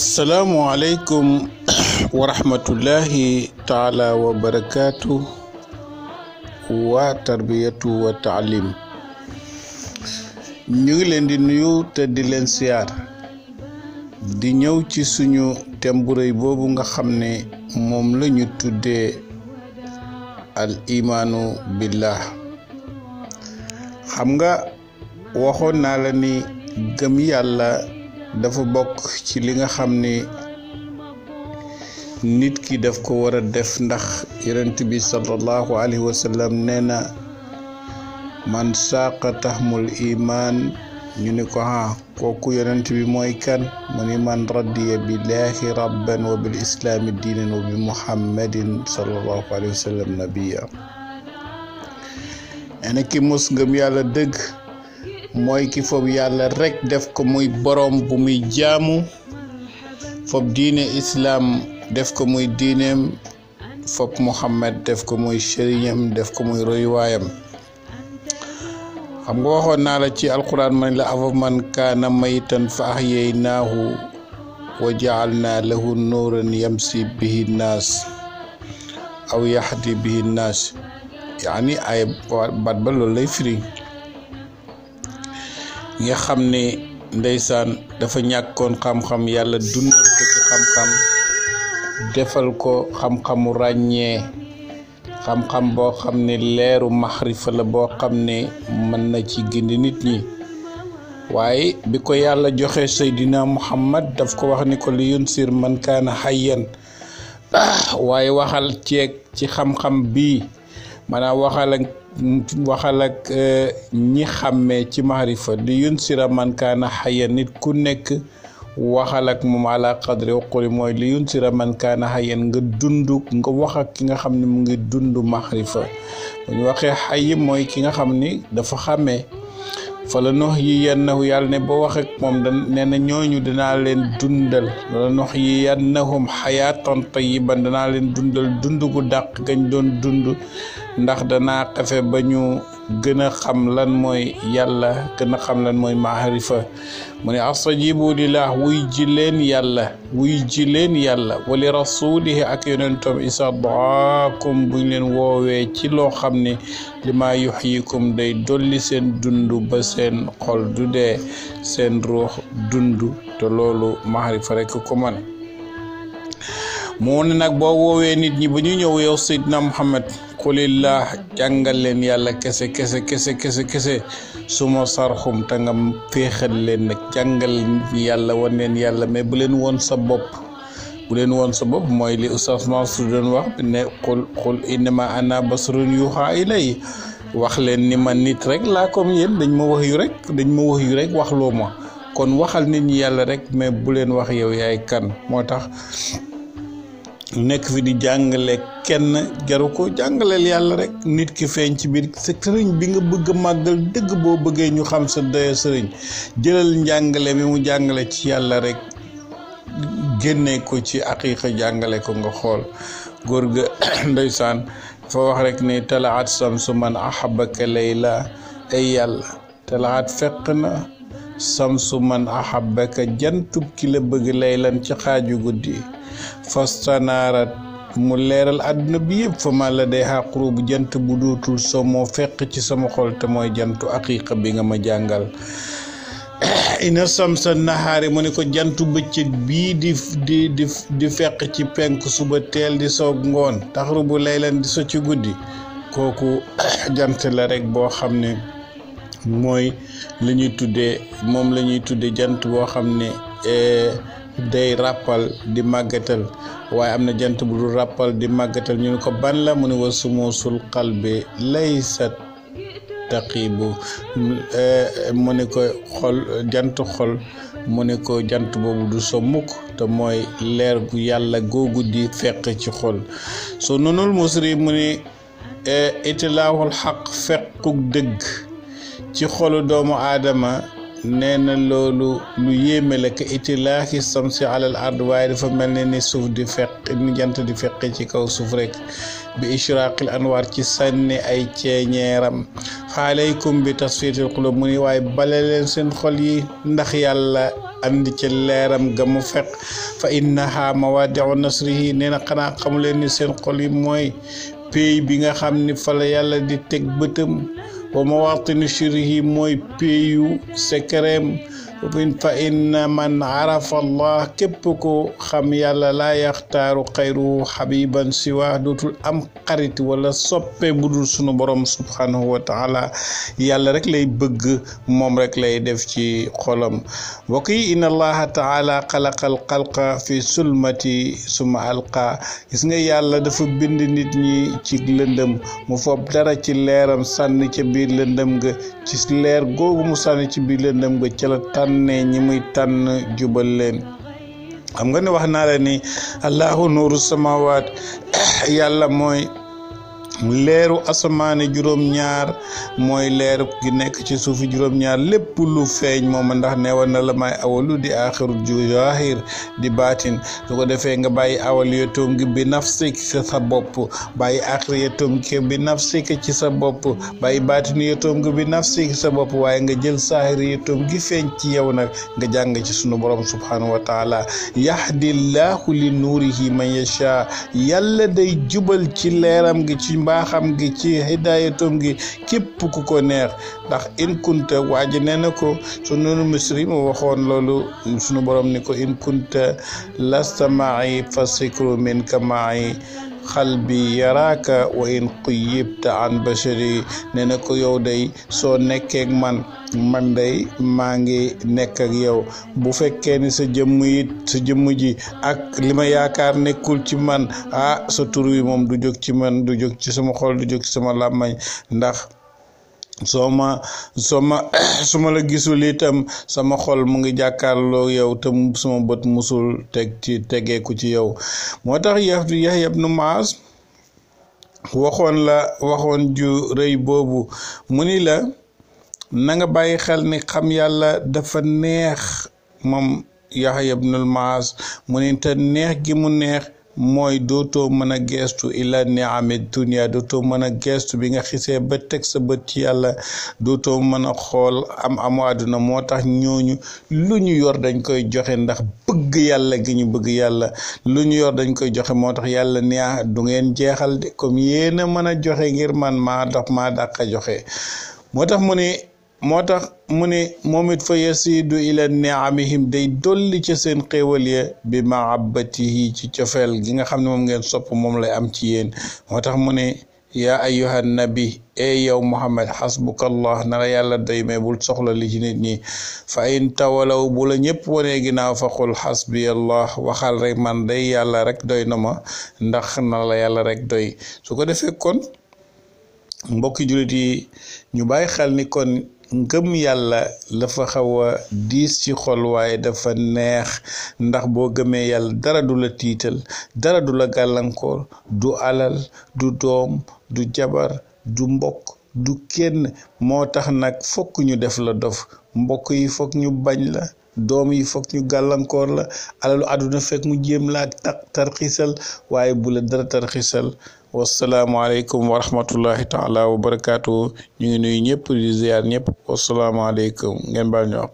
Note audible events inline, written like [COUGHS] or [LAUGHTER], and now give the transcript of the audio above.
assalamu alaikum [CLEARS THROAT] wa rahmatullahi ta'ala wa barakatu wa tarbiyatu wa ta'alim ñu ngi leen di nuyu te di leen siyaar di ñëw ci suñu thème boobu nga xam ne moom la ñu tuddee al imaanu billah xam nga waxoon naa la ni gëm yàlla dafa bokk ci li nga xam ni nit ki daf ko wara def ndax yonent bi sallallahu alayhi wa sallam nee na man saaqa taxmul iman ñu ni ko ah kooku yonent bi mooy kan mu ni man radiya billahi rabban wa bil diinan wa bi muhammadin sallallahu alayhi wa sallam nabiya nee ki mos ngëm yàlla dëgg mooy ki fob yàlla rekk def ko muy boroom bu muy jaamu fob diine islaam def ko muy diineem fob Muhammad def ko muy sëriñam def ko muy royuwaayam xam nga waxoon naa la ci alquran man la afa man kaana maytan fa ahyaynaahu wa jaalnaa lahu nuuran yamsi bihi naas aw yaxdi bihi naas yaani ay baat ba loolu lay firi nga xam ne ndeysaan dafa ñàkkoon xam-xam yàlla dundal ko ci xam-xam defal ko xam-xamu ràññee xam-xam boo xam ne leeru maxrifa la boo xam ne mën na ci gindi nit ñi waaye bi ko yàlla joxe Seydina Muhammad daf ko wax ni ko li yunsir man kaana xayyan ah, waaye waxal ceeg ci xam-xam bii maanaam waxal ak waxal euh, ñi xàmmee ci maarifa li yun sira man kaana xaya nit ku nekk waxal ak moom ala qadri uquli mooy li yun sira man kaana xayan nga dund nga wax ki nga xam ni mu ngi dund maarifa dañu waxee xayi mooy ki nga xam ni dafa xàmmee fala nox yi yannahu yàlla ne ba wax moom da nee na ñooñu danaa leen dundal fala nox yi yannahum xayaatan tayiban danaa leen dundal dund gu dàq gañ doon dund ndax dana xefe ba ñu gëna xam lan mooy yàlla gën a xam lan mooy maarifa mu ne astajibu lillah wuy ji leen yàlla wuy ji leen yàlla wali rasulihi ak yonentom isa daakum buñ leen woowee ci loo xam ne lima yuxyikum day dolli seen dund ba seen xol du dee seen ruux dund te loolu maarifa rekk ko man moo ne nag boo woowee nit ñi ba ñu ñëw yow Seydina Muhammad xulillah jàngal leen yàlla kese kese kese kese kese suma sarxum te nga féexal leen nag jàngal yàlla wan leen yàlla mais bu leen woon sa bopp bu leen woon sa bopp mooy li oustaz Mansour doon wax ne xul xul innama ana basrun yuuxa ilay wax leen ni man nit rek laa comme yéen dañ ma wax yu rek dañ ma wax yu rek waxloo ma kon waxal nit ñi yàlla rek mais bu leen wax yow yaay kan moo tax nekk fi di jàngale kenn jaru ko jàngaleel yàlla rekk nit ki feeñ ci biir sa sëriñ bi nga bëgg a màggal dëgg boo bëggee ñu xam sa doya sëriñ jëlal njàngale bi mu jàngale ci yàlla rekk génne ko ci aqiqa jàngale ko nga xool góor ga [COUGHS] ndeysaan dafa wax rek ne talaat samsu man ahabaka layla ay yàlla talaat fekk na samsu man ahabbaka jantub ki la bëgg laylan ci xaaju guddi fastanaarat mu leeral àdduna bi yëpp fa ma la day bu jant bu dootul soo moo fekk ci sama xol te mooy jantu aqiqa bi nga ma jàngal [CLEARS THROAT] ina samsa naxaari mu ne ko jantu bëccëg bii di di di di fekk ci penk suba teel di soog ngoon taxru bu laylan di so ci guddi kooku [CLEARS THROAT] jant la rek boo xam ne mooy la ñuy tuddee moom la ñuy tuddee jant boo xam ne eh, day ràppal di màggatal waaye am na jant bu dul ràppal di màggatal ñu ne ko ban la mu ne wa sumuusul qalbi laysat taqibu eh, mu ne ko xol jant xol mu ne ko jant boobu du so mukk te mooy leer bu yàlla googu di fekk ci xol soo nonul musri mu ne eh, itilaahul xaq fekkuk dëgg ci xolu doomu aadama nee na loolu lu yéeme la ka itilaaxi samsi alal ard waaye dafa mel ne ni suuf di feq ni jant di feqi ci kaw suuf rek bi ishraqil anwar ci sànni ay ceeñeeram xaaleykum bi tasfiitil xulub mu ni waaye bale leen seen xol yi ndax yàlla andi ci leeram gamu mu feq fa innaha mawadiu nasrihi nee na xanaa xamu ni seen xol yi mooy pey bi nga xam ni fa la yàlla di teg bëtam wa mawatini shirhi mooy peeyu sekkereem fa inna man arafa allah képp ko xam yàlla laa yaxtaaru xayru xabiban siwa dootul am xarit wala bu dul sunu borom subhanahu wa yàlla rek lay bëgg moom rek lay def ci xolam mbokk yi inna allaha taala xalaqal xalqa fi sulmati suma alqa gis nga yàlla dafa bind nit ñi ci lëndëm mu fob dara ci leeram sànni ci biir lëndëm ga ci leer googu mu sànni ci biir lëndëm ga ca la tànn xam ne ñi muy tànn jubal leen xam nga ne wax naa la ni allahu nuuru samawaat [COUGHS] yàlla mooy leeru asamaane juróom-ñaar mooy leer gi nekk ci suufi juróom-ñaar lépp lu feeñ moom ndax neewal na la may awalu di aaxiru jaahir di baatin su ko defee nga bàyyi awal yottoom gi bi nafsik ci sa bopp bàyyi aaxir yottoom gi bi nafsik ci sa bopp bàyyi baatin yottoom gi bi sa bopp waaye nga jël saahir yottoom gi feeñ ci yow nag nga jàng ci sunu borom subhanahu wa taala yahdillahu li nuurihi man yasha yàlla day jubal ci leeram gi ci mbaaxam gi ci hidaayatum gi képp ku ko neex ndax in kunta waa ji nee na ko sunu misri mu waxoon loolu sunu borom ni ko in kunta lasta ma'i fa sikru min xalbi yaraaka wa in quyibta an bashari nee na ko yow day soo nekkeek man man day maa ngi nekk ak yow bu fekkee ni sa jëmm yi sa jëmm ji ak li ma yaakaar nekkul ci man ah sa tur wi moom du jóg ci man du jóg ci sama xol du jóg ci sama làmmañ ndax soo ma soo ma [COUGHS] su ma la gisul itam sama xol mu ngi jàkkaarloo yow te suma bët musul teg ci tegeeku ci yow moo tax yaxtu Yahya ibnu Maas waxoon la waxoon ju rëy boobu mu ni la na nga bàyyi xel ni xam yàlla dafa neex moom Yahya ibnu Maas mu ni te neex gi mu neex mooy dootoo mën a geestu ila niame dunia dootoo mën a geestu bi nga xisee ba teg sa bët ci yàlla dootoo mën a xool am amu àdduna moo tax ñooñu lu ñu yor dañ koy joxe ndax bëgg yàlla gi ñu bëgg yàlla lu ñu yor dañ koy joxe moo tax yàlla ah du ngeen jeexal de comme yéen mën a joxe ngir man maa dox maa dàq a joxe moo tax mu ne moo tax mu ne moom it fa yasiidu ila niamihim day dolli ca seen xéewal ya bi yi ci cofeel gi nga xam ne moom ngeen sopp moom lay am ci yéen moo tax mu ne yaa ayyuhan nabi e yow muhammad xasbukallah na la yàlla doy mais bul soxla li ci nit ñi fa in tawalaw bu la ñëpp wanee ginnaaw fa xul xasbiyallah waxal rek man day yàlla rek doy na ma ndax na la yàlla rekk doy su ko defee kon mbokki jullit yi ñu bàyyi xel ni kon ngëm yàlla la fa xaw diis ci xol waaye dafa neex ndax boo gëmee yàlla dara du la tiital dara du la gàllankoor du alal du doom du jabar du mbokk du kenn moo tax nag fokk ñu def la dof mbokk yi fokk ñu bañ la doom yi fokk ñu gàllankoor la alalu àdduna fekk mu jéem laa tarxisal waaye bu la dara tarxisal wasalaamualeykum wa rahmatullahi taala wa barakaatu ñu ngi nuyu ñëpp di ziar ñëpp wasalaamualeykum ngeen baal